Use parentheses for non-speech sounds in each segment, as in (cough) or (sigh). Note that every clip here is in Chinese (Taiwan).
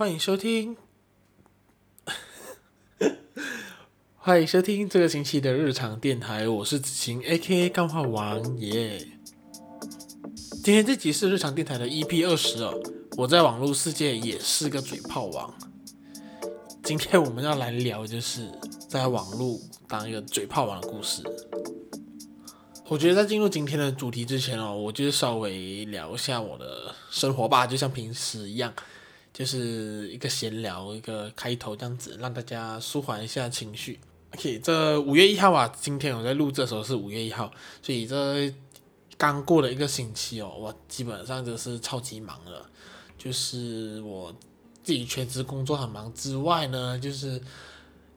歡迎收聽， (laughs) 歡迎收聽這個星期的日常電台。我是子晴，A.K.A. 幹話王耶、yeah。今天這集是日常電台的 EP 20哦。我在網絡世界也是個嘴炮王。今天我們要來聊，就是在網絡當一個嘴炮王的故事。我覺得在進入今天的主題之前哦，我就稍微聊一下我的生活吧，就像平時一樣。就是一個閒聊，一個開頭這樣子，讓大家舒緩一下情緒。OK，這五月一號啊，今天我在錄製的時候是五月一號，所以這剛過了一個星期哦，我基本上就是超級忙了，就是我自己全職工作很忙之外呢，就是。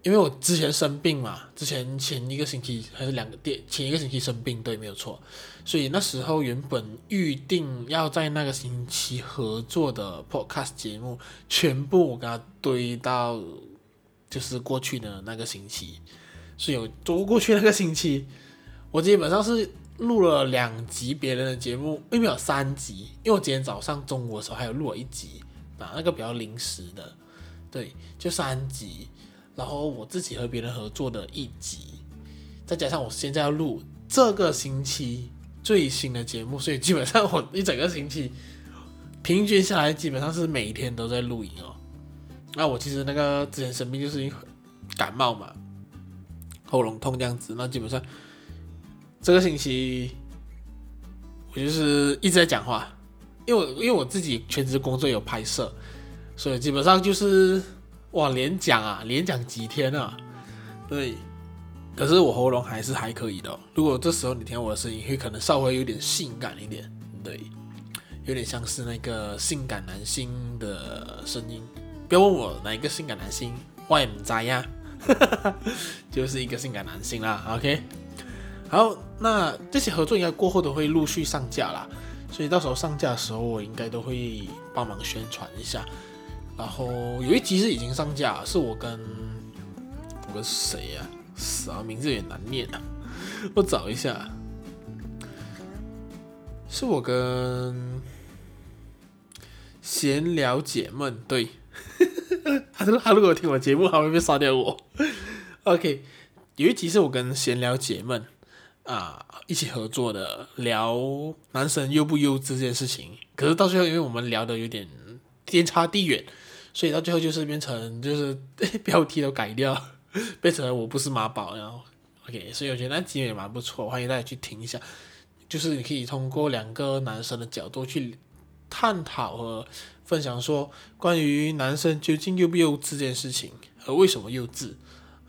因為我之前生病嘛，之前前一個星期還是兩個電，前一個星期生病，對，沒有錯。所以那時候原本預定要在那個星期合作的 Podcast 節目，全部我把它堆到就是過去的那個星期，是有。不過過去的那個星期，我基本上是錄了兩集別人的節目，並沒有三集，因為我今天早上中午的時候還有錄了一集，那那個比較臨時的，對，就三集。然後我自己和別人合作的一集，再加上我現在要錄這個星期最新的節目，所以基本上我一整個星期平均下來，基本上是每一天都在錄音哦。那我其實那個之前生病就是因為感冒嘛，喉嚨痛這樣子，那基本上這個星期我就是一直在講話，因為因為我自己全職工作有拍攝，所以基本上就是。哇，連講啊，連講幾天啊？對，可是我喉嚨還是還可以的哦。如果這時候你聽到我的聲音，會可能稍微有點性感一點，對，有點像是那個性感男星的聲音。不要問我哪一個性感男星，我也不在呀， (laughs) 就是一個性感男星啦。OK，好，那這些合作應該過後都會陸續上架啦。所以到時候上架的時候，我應該都會幫忙宣傳一下。然後有一集是已經上架，是我跟我跟誰呀、啊？啥、啊、名字有點難念啊！我找一下，是我跟閒聊解悶，對，哈哈哈，他如果他如果聽我節目，他會不會殺掉我？我 OK，有一集是我跟閒聊解悶啊一起合作的，聊男生幼不幼稚這件事情，可是到最後，因為我們聊的有點天差地遠。所以到最後就是變成就是標題都改掉，變成了我不是媽寶，然後 OK，所以我覺得那集也蠻不錯，歡迎大家去聽一下，就是你可以通過兩個男生的角度去探討和分享說關於男生究竟幼不幼稚這件事情，和為什麼幼稚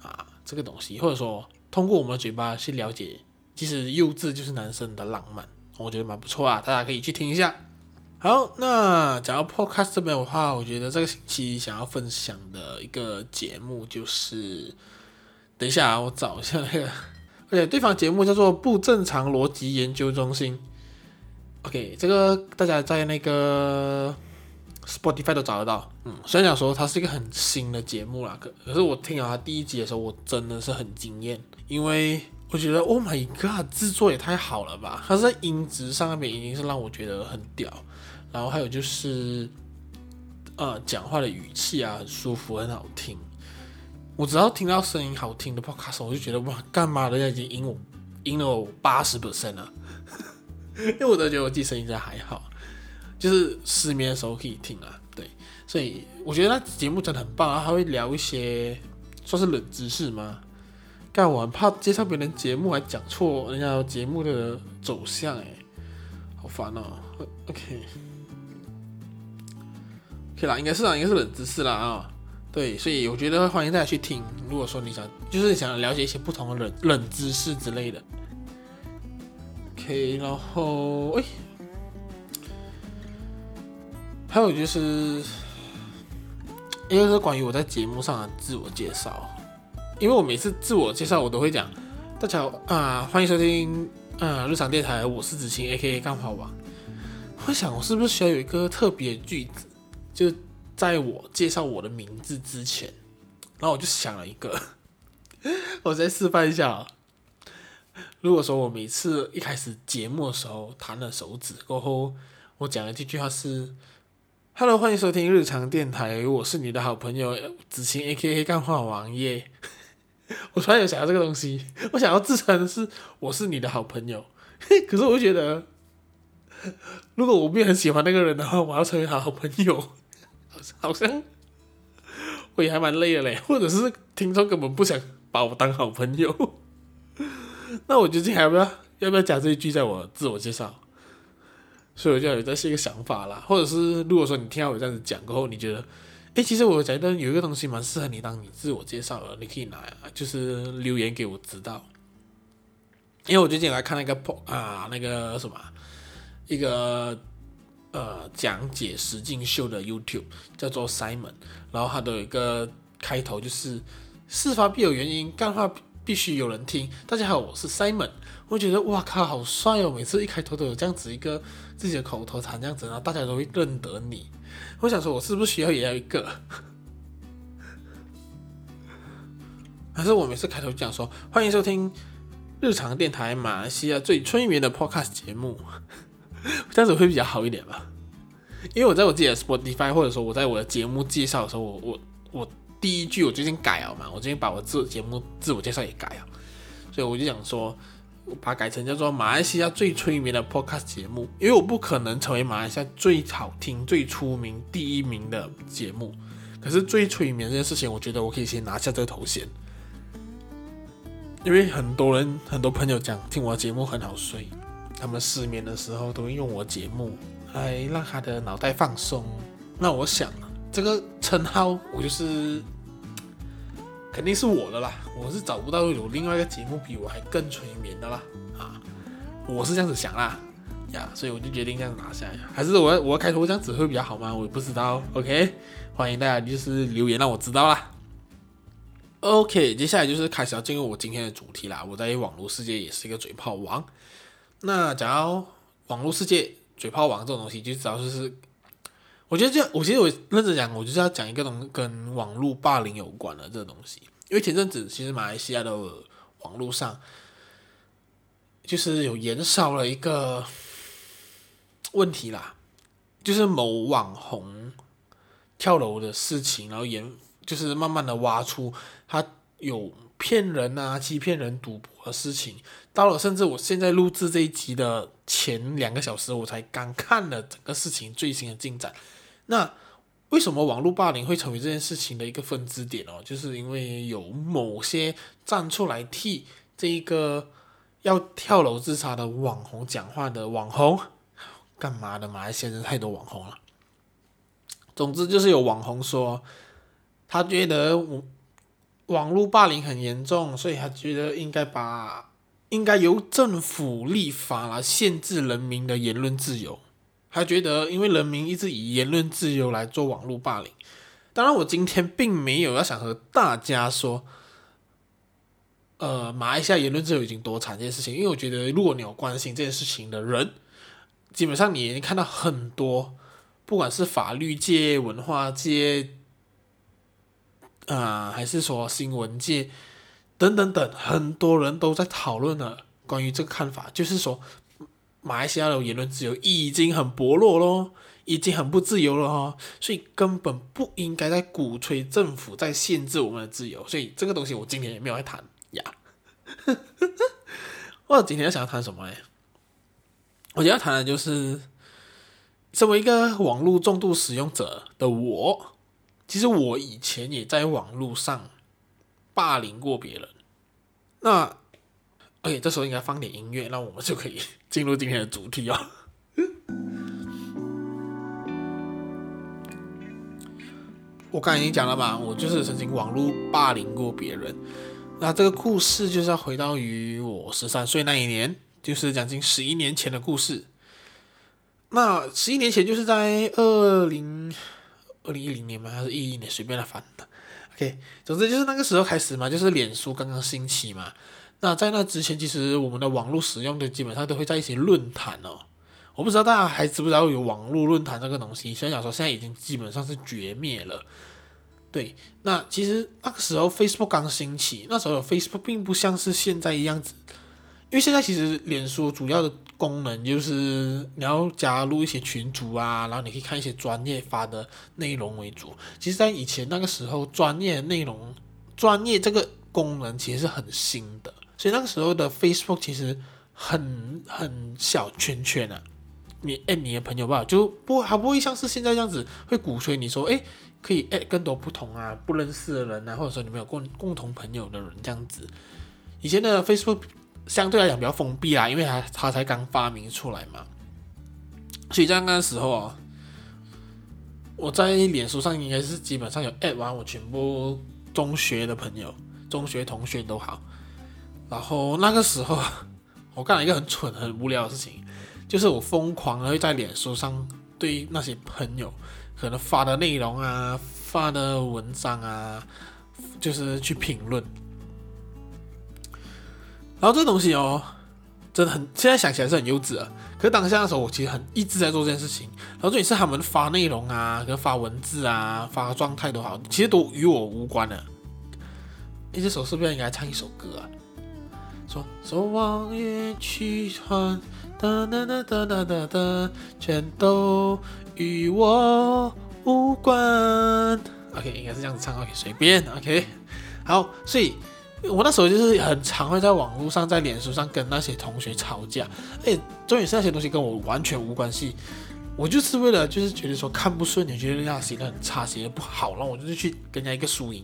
啊這個東西，或者說通過我們的嘴巴去了解，其實幼稚就是男生的浪漫，我覺得蠻不錯啊，大家可以去聽一下。好，那講到 podcast 這邊的話，我覺得這個星期想要分享的一個節目就是，等一下啊，我找一下那個，而且對方節目叫做不正常邏輯研究中心。OK，這個大家在那個 Spotify 都找得到。嗯，雖然講說它是一個很新的節目啦，可可是我聽啊，它第一集的時候我真的是很驚豔，因為我覺得 Oh my God，製作也太好了吧！它在音質上面已經是讓我覺得很屌。然後還有就是，呃，講話的語氣啊，很舒服，很好聽。我只要聽到聲音好聽的 Podcast，我就覺得哇，幹嘛人家已經贏我贏了我八十 percent 了？ (laughs) 因為我都覺得我自己聲音真的還好，就是失眠的時候可以聽啊。對，所以我覺得那節目真的很棒啊，還會聊一些算是冷知識嗎？幹，我很怕介紹別人節目還講錯人家節目的走向，哎，好煩哦。OK。對啦，應該是啦，應該是冷知識啦啊、哦！對，所以我覺得歡迎大家去聽。如果說你想，就是想了解一些不同的冷冷知識之類的，OK。然後哎，還有就是，一個是關於我在節目上的自我介紹，因為我每次自我介紹我都會講，大家好啊、呃，歡迎收聽啊、呃、日常電台，我是子晴 A K A 幹話王。我想我是不是需要有一個特別的句子？就在我介紹我的名字之前，然後我就想了一個，我再示範一下、哦。如果說我每次一開始節目的時候彈了手指，過後我講的這句話是 “Hello，歡迎收聽日常電台，我是你的好朋友子晴 （A.K.A. 幹話王爺） yeah。”我突然有想到這個東西，我想要自稱是“我是你的好朋友”，可是我覺得，如果我不很喜歡那個人的話，我要成為他好朋友。好像我也還蠻累的嘞，或者是聽眾根本不想把我當好朋友。那我究竟還要不要，要不要加這一句在我自我介紹？所以我就有這是一個想法啦，或者是如果說你聽到我這樣子講過後，你覺得誒，其實我覺得有一個東西蠻適合你當你自我介紹的，你可以拿，就是留言給我知道。因為我最近來看那個 po 啊，那個什麼一個。呃，講解實境秀的 YouTube 叫做 Simon，然後他都有一個開頭，就是事發必有原因，幹話必須有人聽。大家好，我是 Simon。我覺得哇靠，好帥哦！每次一開頭都有這樣子一個自己的口頭禪，這樣子，然後大家都會認得你。我想說，我是不是需要也要一個？可是我每次開頭就講說，歡迎收聽日常電台，馬來西亞最催眠的 Podcast 節目。這樣子會比較好一點吧，因為我在我自己的 Spotify，或者說我在我的節目介紹的時候，我我我第一句我最近改了嘛，我最近把我自節目自我介紹也改了，所以我就想說，我把它改成叫做馬來西亞最催眠的 podcast 節目，因為我不可能成為馬來西亞最好聽、最出名、第一名的節目，可是最催眠這件事情，我覺得我可以先拿下這個頭銜，因為很多人、很多朋友講，聽我的節目很好睡。他們失眠的時候都會用我節目，來讓他的腦袋放鬆。那我想，這個稱號我就是肯定是我的啦。我是找不到有另外一個節目比我還更催眠的啦。啊，我是這樣子想啦，呀，所以我就決定這樣子拿下。還是我我要開頭這樣子會比較好嗎？我也不知道。OK，歡迎大家就是留言讓我知道啦。OK，接下來就是開始要進入我今天的主題啦。我在網路世界也是一個嘴炮王。那講到網絡世界嘴炮王這種東西，就知道說是，我覺得這，我覺得我認真講，我就是要講一個東跟網絡霸凌有關的這東西，因為前陣子其實馬來西亞的網絡上，就是有延燒了一個問題啦，就是某網紅跳樓的事情，然後延就是慢慢的挖出他有。騙人啊，欺騙人賭博的事情，到了甚至我現在錄制這一集的前兩個小時，我才剛看了整個事情最新的進展。那為什麼網絡霸凌會成為這件事情的一個分支點哦？就是因為有某些站出來替這一個要跳樓自殺的網紅講話的網紅，幹嘛的嘛？現在太多網紅了。總之就是有網紅說，他覺得我。網絡霸凌很嚴重，所以他覺得應該把應該由政府立法來限制人民的言論自由。他覺得，因為人民一直以言論自由來做網絡霸凌。當然，我今天並沒有要想和大家說，呃，罵一下言論自由已經多慘這件事情，因為我覺得，如果你有關心這件事情的人，基本上你已經看到很多，不管是法律界、文化界。啊、呃，還是說新聞界等等等，很多人都在討論了關於這個看法，就是說馬來西亞的言論自由已經很薄弱咯，已經很不自由了哈，所以根本不應該再鼓吹政府在限制我們的自由，所以這個東西我今天也沒有在談呀。 (laughs) 我今天要想要談什麼嘞？我今天要談的就是，身為一個網絡重度使用者的我。其實我以前也在網絡上霸凌過別人，那，而且這時候應該放點音樂，那我們就可以進入今天的主題哦。 (laughs) 我剛才已經講了吧，我就是曾經網絡霸凌過別人。那這個故事就是要回到於我十三歲那一年，就是將近十一年前的故事。那十一年前就是在二零。二零一零年嘛，還是一一年，隨便來翻的。OK，總之就是那個時候開始嘛，就是臉書剛剛興起嘛。那在那之前，其實我們的網絡使用的基本上都會在一些論壇哦。我不知道大家還知不知道有網絡論壇這個東西，雖然講說現在已經基本上是絕滅了。對，那其實那個時候 Facebook 剛興起，那時候 Facebook 並不像是現在一樣子，因為現在其實臉書主要的。功能就是你要加入一些群組啊，然後你可以看一些專頁發的內容為主。其實，在以前那個時候，專頁內容、專頁這個功能其實是很新的，所以那個時候的 Facebook 其實很很小圈圈的、啊。你 add，你的朋友吧，就不還不會像是現在這樣子會鼓吹你說，誒可以 add 更多不同啊、不認識的人啊，或者說你們有共共同朋友的人這樣子。以前的 Facebook。相對來講比較封閉啦，因為它它才剛發明出來嘛，所以在那時候啊，我在臉書上應該是基本上有 add 完我全部中學的朋友，中學同學都好。然後那個時候，我幹了一個很蠢，很無聊的事情，就是我瘋狂的會在臉書上對那些朋友可能發的內容啊、發的文章啊，就是去評論。然後這東西哦，真的很，現在想起來是很幼稚的。可是當下的時候，我其實很一直在做這件事情。然後重點是他們發內容啊，跟發文字啊，發狀態都好，其實都與我無關的。誒，這首是不是應該唱一首歌啊？說走完也去換，噠噠噠噠噠噠噠，全都與我無關。OK，應該是這樣子唱。OK，隨便。OK，好，所以。我那時候就是很常會在網絡上，在臉書上跟那些同學吵架，哎，重點是那些東西跟我完全無關係，我就是為了就是覺得說看不順眼，你覺得那些人家寫的很差，寫的不好，然後我就是去跟人家一個輸贏。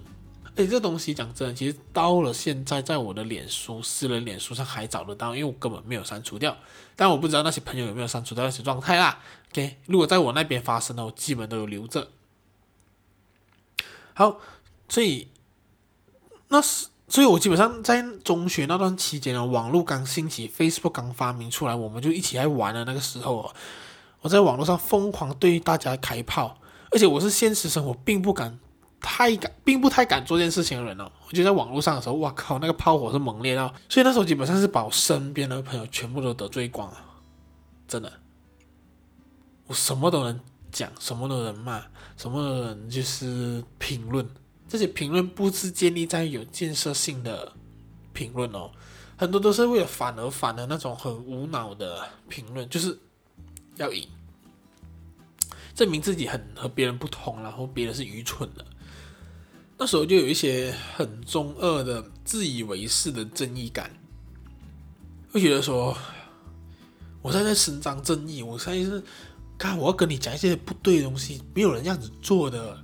哎，這東西講真的，其實到了現在，在我的臉書私人臉書上還找得到，因為我根本沒有刪除掉，但我不知道那些朋友有沒有刪除掉那些狀態啦。OK，如果在我那邊發生的，我基本都有留着。好，所以那是。所以，我基本上在中學那段期間呢，網絡剛興起，Facebook 剛發明出來，我們就一起來玩的那個時候，我在網絡上瘋狂對大家開炮，而且我是現實生活並不敢太敢，並不太敢做這件事情的人哦。我就在網絡上的時候，哇靠，那個炮火是猛烈到，所以那時候基本上是把我身邊的朋友全部都得罪光了。真的，我什麼都能講，什麼都能罵，什麼都能，就是評論。這些評論不是建立在有建設性的評論哦，很多都是為了反而反的那種很無腦的評論，就是要贏，證明自己很和別人不同，然後別人是愚蠢的。那時候就有一些很中二的、自以為是的正義感，會覺得說：“我現在在伸張正義，我現在是看我要跟你講一些不對的東西，沒有人這樣子做的。”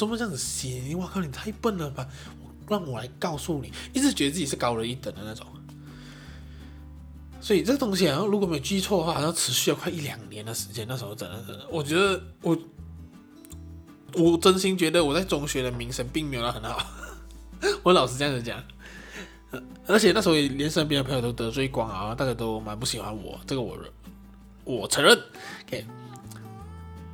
怎麼這樣子行？我靠你，你太笨了吧！讓我來告訴你，一直覺得自己是高人一等的那種。所以這個東西啊，如果沒有記錯的話，好像持續了快一兩年的時間。那時候真的是，我覺得我，我真心覺得我在中學的名聲並沒有很好。 (laughs) 我老實這樣子講，而且那時候連身邊的朋友都得罪光啊，大家都蠻不喜歡我。這個我，我承認。K、okay。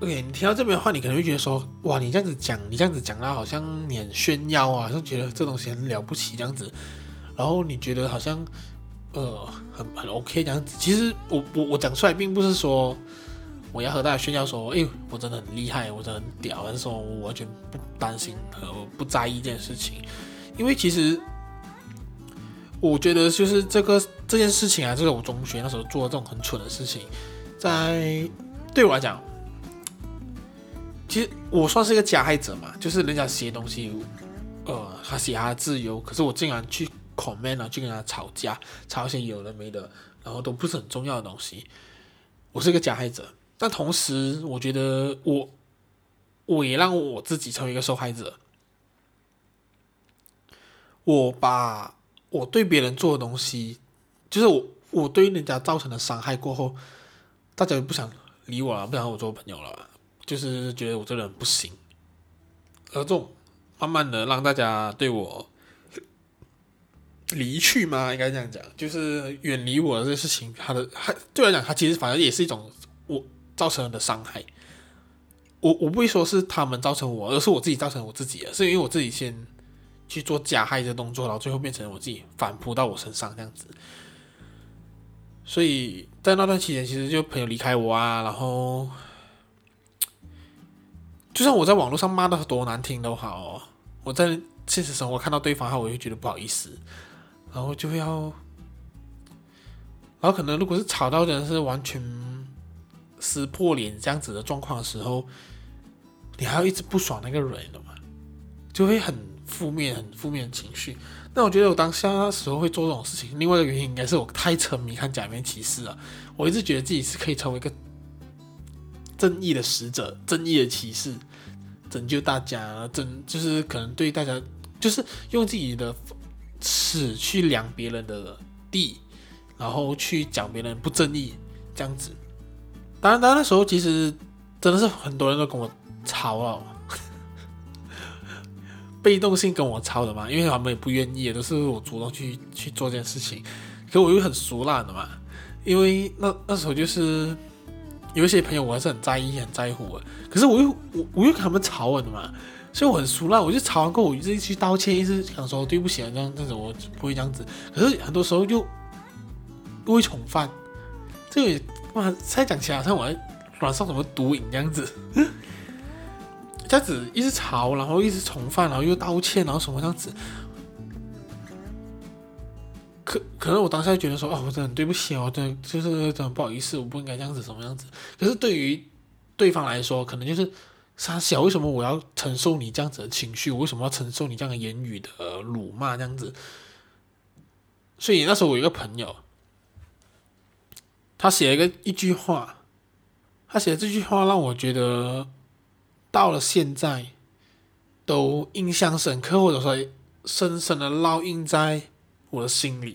OK，你聽到這邊的話，你可能會覺得說，哇，你這樣子講，你這樣子講，他好像你很炫耀啊，就覺得這東西很了不起這樣子，然後你覺得好像呃很很 OK 這樣子。其實我我我講出來並不是說我要和大家炫耀，說，哎、欸，我真的很厲害，我真的很屌，還是說我完全不擔心和、呃、不在意這件事情。因為其實我覺得就是這個這件事情啊，就是我中學那時候做的這種很蠢的事情，在對我來講。其實我算是一個加害者嘛，就是人家寫東西，呃，他寫他的自由，可是我竟然去 comment 了，去跟他吵架，吵一些有的沒的，然後都不是很重要的東西。我是一個加害者，但同時我覺得我，我也讓我自己成為一個受害者。我把我對別人做的東西，就是我我對人家造成的傷害過後，大家也不想理我了，不想和我做朋友了。就是覺得我這個人不行，而這種慢慢的讓大家對我離去嘛，應該這樣講，就是遠離我的這事情，他的他對我來講，他其實反而也是一種我造成的傷害。我我不會說是他們造成我，而是我自己造成我自己，是因為我自己先去做加害的動作，然後最後變成我自己反撲到我身上這樣子。所以在那段期間，其實就朋友離開我啊，然後。就算我在網絡上罵的多難聽都好哦，我在現實生活看到對方後，我就覺得不好意思，然後就要，然後可能如果是吵到人是完全撕破臉這樣子的狀況的時候，你還要一直不爽那個人的嘛，就會很負面、很負面的情緒。那我覺得我當下時候會做這種事情，另外一個原因應該是我太沉迷看假面騎士了。我一直覺得自己是可以成為一個。正義的使者，正義的騎士，拯救大家，拯就是可能對大家，就是用自己的尺去量別人的地，然後去講別人不正義，這樣子。當然，當然，那時候其實真的是很多人都跟我吵了呵呵，被動性跟我吵的嘛，因為他們也不願意，都是我主動去去做這件事情。可我又很熟懶的嘛，因為那那時候就是。有一些朋友我還是很在意、很在乎的，可是我又我我又跟他們吵了的嘛，所以我很熟啦，我就吵完過後我一直去道歉，一直想說對不起，啊。這樣那種我不會這樣子。可是很多時候又不會重犯，這個哇再講起來，好像我還染上什麼毒癮這樣子，這樣子一直吵，然後一直重犯，然後又道歉，然後什麼這樣子。可可能我當下就覺得說，哦，我真的很對不起哦，對，就是真的，真的，真的不好意思，我不應該這樣子，什麼樣子。可是對於對方來說，可能就是傻笑，想為什麼我要承受你這樣子的情緒？我為什麼要承受你這樣的言語的、呃、辱罵這樣子？所以那時候我有一個朋友，他寫了一個一句話，他寫的這句話讓我覺得到了現在都印象深刻，或者說深深的烙印在。我的心裡，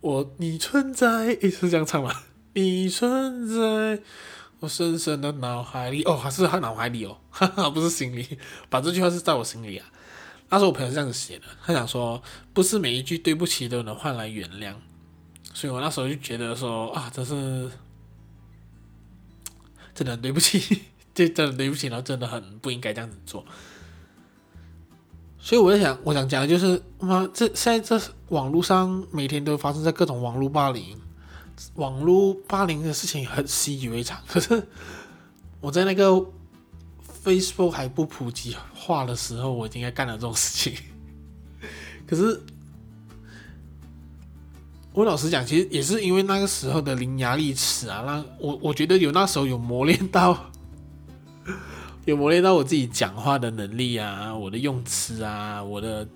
我你存在也是這樣唱嗎？你存在我深深的腦海裡，哦，還是他腦海裡哦，哈哈，不是心裡，把這句話是在我心裡啊。那時候我朋友這樣子寫的，他想說，不是每一句對不起都能換來原諒。所以我那時候就覺得說，啊，真是，真的很對不起，這真的對不起，然後真的很不應該這樣子做。所以我在想，我想講的就是，媽、嗯，這現在這網絡上每天都發生在各種網絡霸凌，網絡霸凌的事情很習以為常。可是我在那個 Facebook 還不普及化的時候，我已經在幹了這種事情。可是我老實講，其實也是因為那個時候的伶牙俐齒啊，讓我我覺得有那時候有磨練到。有磨練到我自己講話的能力啊，我的用詞啊，我的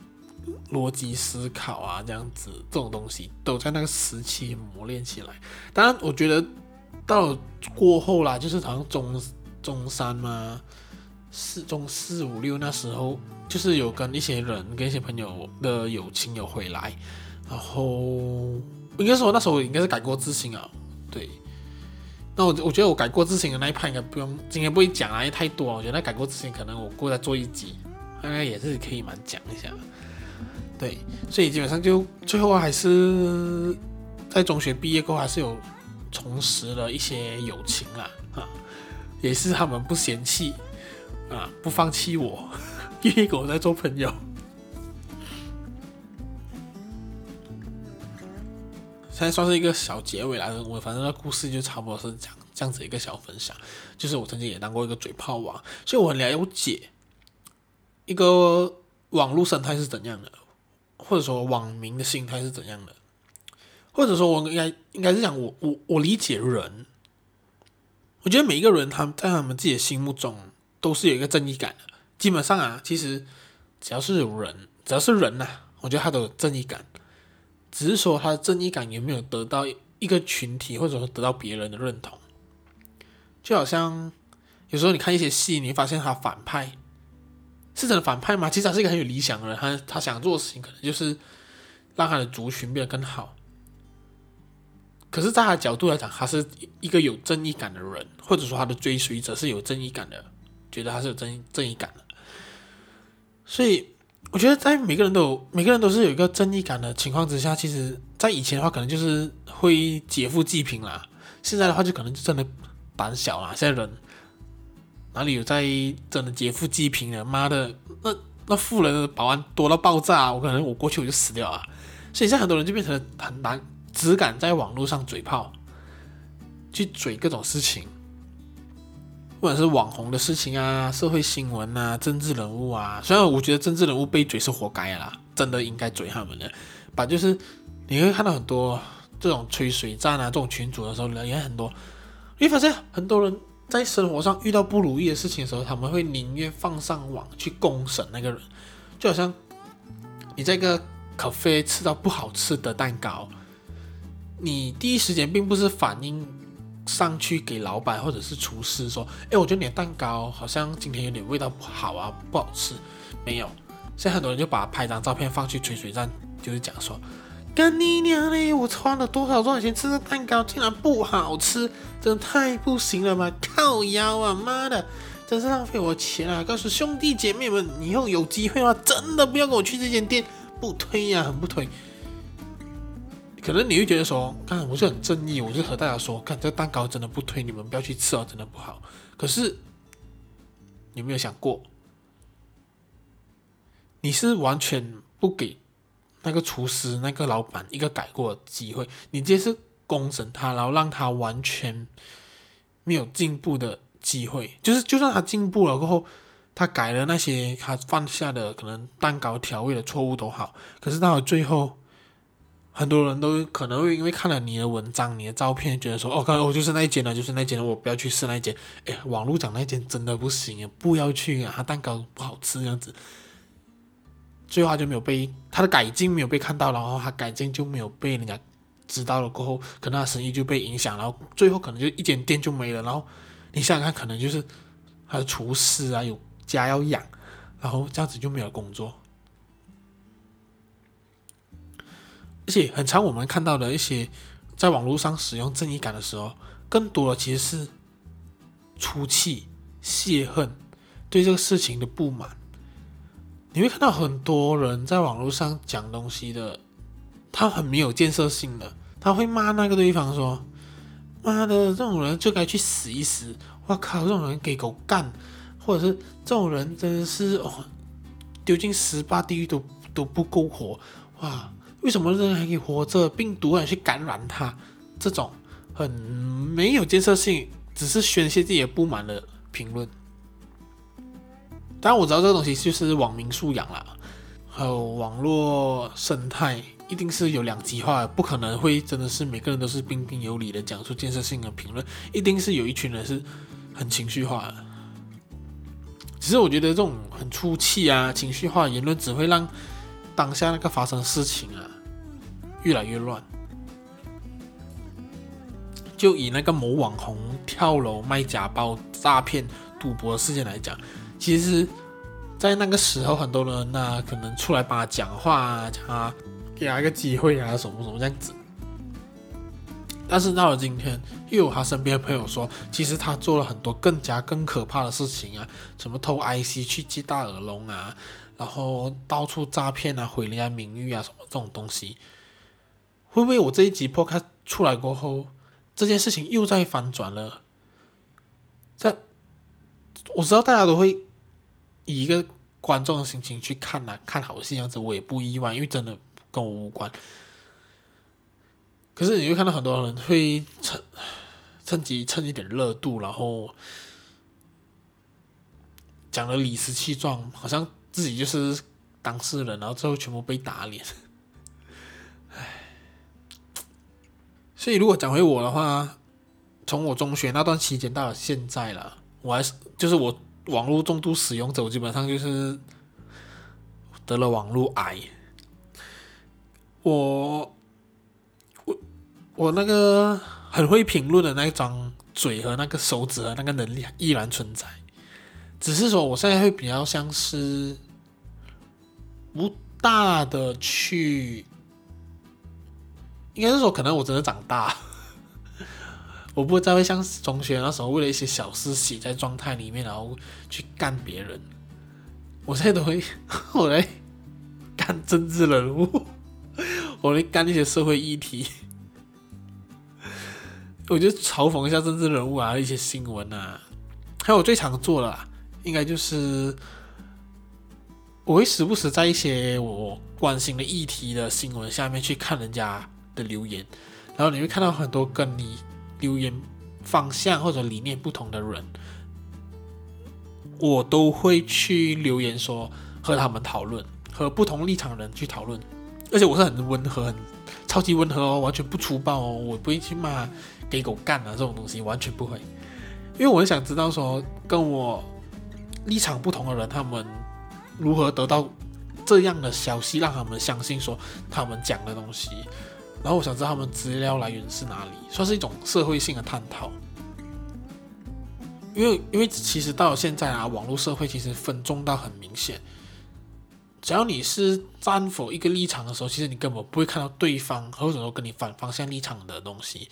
邏輯思考啊，這樣子這種東西都在那個時期磨練起來。當然，我覺得到過後啦，就是好像中中三嘛，四中四五六那時候，就是有跟一些人，跟一些朋友的友情有回來。然後，應該說，應該是我那時候應該是改過自新啊，對。那我我覺得我改過之前的那一趴應該不用，今天不會講啊，太多啊，我覺得那改過之前可能我過來做一集，應該也是可以蠻講一下。對，所以基本上就最後還是在中學畢業過後還是有重拾了一些友情啦，啊，也是他們不嫌棄啊，不放棄我，願意跟我再做朋友。現在算是一個小結尾來的，我反正那故事就差不多是講這樣子一個小分享，就是我曾經也當過一個嘴炮王，所以我很了解一個網絡生態是怎樣的，或者說網民的心態是怎樣的，或者說我應該應該是講我我我理解人，我覺得每一個人他在他們自己的心目中都是有一個正義感的，基本上啊，其實只要是有人，只要是人吶、啊，我覺得他都有正義感。只是說他的正義感有沒有得到一個群體，或者說得到別人的認同？就好像有時候你看一些戲，你會發現他反派是真的反派嗎？其實他是一個很有理想的人，他他想做的事情可能就是讓他的族群變得更好。可是，在他的角度來講，他是一個有正義感的人，或者說他的追隨者是有正義感的，覺得他是有正義，正義感的，所以。我覺得在每個人都有每個人都是有一個正義感的情況之下，其實，在以前的話，可能就是會劫富濟貧啦。現在的話，就可能就真的膽小啦。現在人哪裡有在真的劫富濟貧啊？媽的，那那富人的保安多到爆炸啊，我可能我過去我就死掉啊。所以現在很多人就變成很難，只敢在網絡上嘴炮，去嘴各種事情。不管是網紅的事情啊、社會新聞啊、政治人物啊，雖然我覺得政治人物被嘴是活該啦，真的應該嘴他們的吧。就是，你會看到很多這種吹水站啊、這種群組的時候，人也很多。你會發現很多人在生活上遇到不如意的事情的時候，他們會寧願放上網去公審那個人。就好像你在一個咖啡吃到不好吃的蛋糕，你第一時間並不是反應。上去給老闆或者是廚師說：“誒，我覺得你的蛋糕好像今天有點味道不好啊，不好吃。”沒有，現在很多人就把拍張照片放去吹水站，就是講說：“幹你娘嘞，我花了多少多少錢吃的蛋糕竟然不好吃，真的太不行了嘛，靠腰啊，媽的，真是浪費我錢啊！告訴兄弟姐妹們，以後有機會的話，真的不要跟我去這間店，不推呀、啊，很不推。”可能你會覺得說，看，我是很正義，我就和大家說，看，這蛋糕真的不推，你們不要去吃哦，真的不好。可是，有沒有想過，你是完全不給那個廚師、那個老板一個改過的機會？你這是公審他，然後讓他完全沒有進步的機會。就是，就算他進步了，過後他改了那些他犯下的可能蛋糕調味的錯誤都好，可是到了最後。很多人都可能會因為看了你的文章、你的照片，覺得說：“哦，可能我就是那一間了，就是那一間了，我不要去試那一間。”哎，網絡講那一間真的不行，不要去啊，蛋糕不好吃這樣子。最後就沒有被，他的改進沒有被看到，然後他改進就沒有被人家知道了，過後可能他生意就被影響，然後最後可能就一間店就沒了。然後你想想看，可能就是他的廚師啊，有家要養，然後這樣子就沒有工作。而且，很常我們看到的一些在網絡上使用正義感的時候，更多的其實是出氣、泄恨、對這個事情的不滿。你會看到很多人在網絡上講東西的，他很沒有建設性的，他會罵那個對方說：“媽的，這種人就該去死一死！”我靠，這種人給狗幹，或者是這種人真的是哦，丟進十八地獄都都不夠火哇。為什麼人還可以活着，病毒還去感染他？這種很沒有建設性，只是宣洩自己的不滿的評論。當然我知道這個東西就是網民素養啦，還有網絡生態一定是有兩極化的，不可能會真的是每個人都是彬彬有禮的，講出建設性的評論，一定是有一群人是很情緒化的。只是我覺得這種很出氣啊，情緒化言論只會讓。當下那個發生事情啊，越來越亂。就以那個某網紅跳樓、賣假包、詐騙、賭博的事件來講，其實，在那個時候，很多人呢、啊，可能出來幫他講話啊，他給他他一個機會啊，什麼什麼這樣子。但是到了今天，又有他身邊的朋友說，其實他做了很多更加更可怕的事情啊，什麼偷 IC 去借大耳窿啊。然後到處詐騙啊，毀人家、啊、名譽啊，什麼這種東西，會不會我這一集 Podcast 出來過後，這件事情又再反轉了？這我知道大家都會以一個觀眾的心情去看啊，看好戲樣子，我也不意外，因為真的跟我無關。可是你會看到很多人會趁趁機蹭一點熱度，然後講的理直氣壯，好像。自己就是當事人，然後最後全部被打臉，唉。所以如果講回我的話，從我中學那段期間到了現在了，我還是就是我網絡重度使用者，我基本上就是得了網絡癌。我我我那個很會評論的那一張嘴和那個手指和那個能力依然存在，只是說我現在會比較像是。不大的去，應該是說，可能我真的長大，我不會再會像中學那時候為了一些小事寫在狀態裡面，然後去幹別人。我現在都會，我來幹政治人物，我來幹一些社會議題。我就嘲諷一下政治人物啊，一些新聞啊，還有我最常做的，啊，應該就是。我會時不時在一些我關心的議題的新聞下面去看人家的留言，然後你會看到很多跟你留言方向或者理念不同的人，我都會去留言說和他們討論，和不同立場的人去討論，而且我是很溫和，很超級溫和哦，完全不粗暴哦，我不會去罵給狗幹啊這種東西，完全不會，因為我想知道說跟我立場不同的人他們。如何得到這樣的消息，讓他們相信說他們講的東西？然後我想知道他們資料來源是哪裡，算是一種社會性的探討。因為，因為其實到了現在啊，網絡社會其實分眾到很明顯。只要你是站否一個立場的時候，其實你根本不會看到對方或者說跟你反方向立場的東西。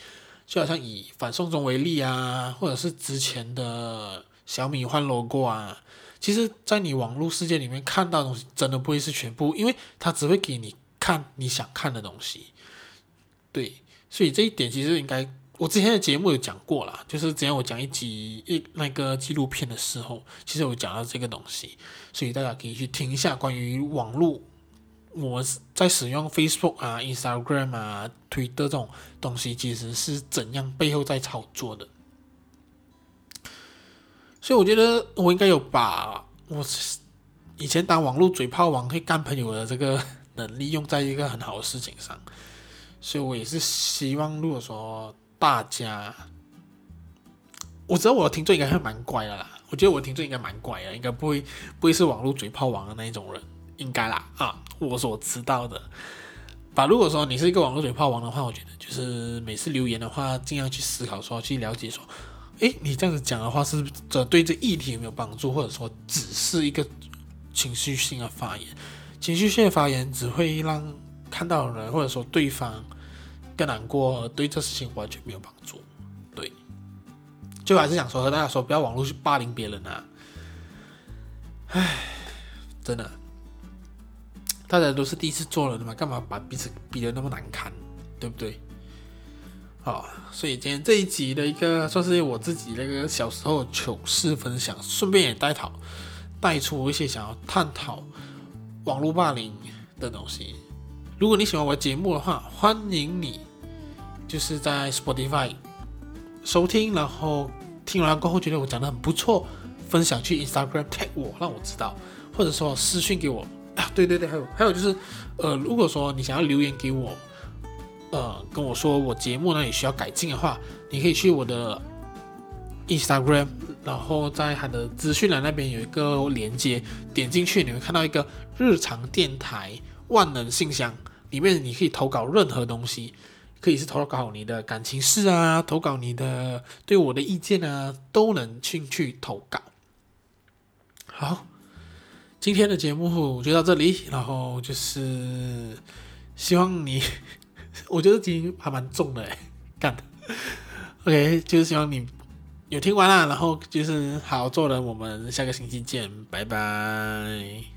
就好像以反送中為例啊，或者是之前的小米換 Logo 啊。其實，在你網絡世界裡面看到的東西，真的不會是全部，因為它只會給你看你想看的東西。對，所以這一點其實應該，我之前的節目有講過啦，就是只要我講一集一那個紀錄片的時候，其實我講到這個東西，所以大家可以去聽一下關於網絡，我在使用 Facebook 啊、Instagram 啊、Twitter 這種東西，其實是怎樣背後在操作的。所以我覺得我應該有把我以前當網絡嘴炮王可以幹朋友的這個能力用在一個很好的事情上，所以我也是希望，如果說大家，我知道我的聽眾應該會蠻乖的啦，我覺得我聽眾應該蠻乖的，應該不會不會是網絡嘴炮王的那一種人，應該啦啊，我所知道的，把如果說你是一個網絡嘴炮王的話，我覺得就是每次留言的話，盡量去思考說，去了解說。誒，你這樣子講的話，是這對這議題有沒有幫助，或者說只是一個情緒性的發言？情緒性的發言只會讓看到的人，或者說對方更難過，對這事情完全沒有幫助。對，就還是想說和大家說，不要網絡去霸凌別人啊！哎，真的，大家都是第一次做人的嘛，幹嘛把彼此逼得那麼難堪，對不對？好，所以今天這一集的一個算是我自己那個小時候糗事分享，順便也帶討帶出一些想要探討網絡霸凌的東西。如果你喜歡我的節目的話，歡迎你就是在 Spotify 收聽，然後聽完過後覺得我講的很不錯，分享去 Instagram tag 我，讓我知道，或者說私訊給我。啊，對對對，還有還有就是，呃，如果說你想要留言給我。呃，跟我說我節目呢也需要改進的話，你可以去我的 Instagram，然後在他的資訊欄那邊有一個連接，點進去你會看到一個日常電台萬能信箱，裡面你可以投稿任何東西，可以是投稿你的感情事啊，投稿你的對我的意見啊，都能進去，去投稿。好，今天的節目就到這裡，然後就是希望你。我覺得這集還蠻重的哎，幹的。OK，就是希望你有聽完啦。然後就是好好做人。我們下個星期見，拜拜。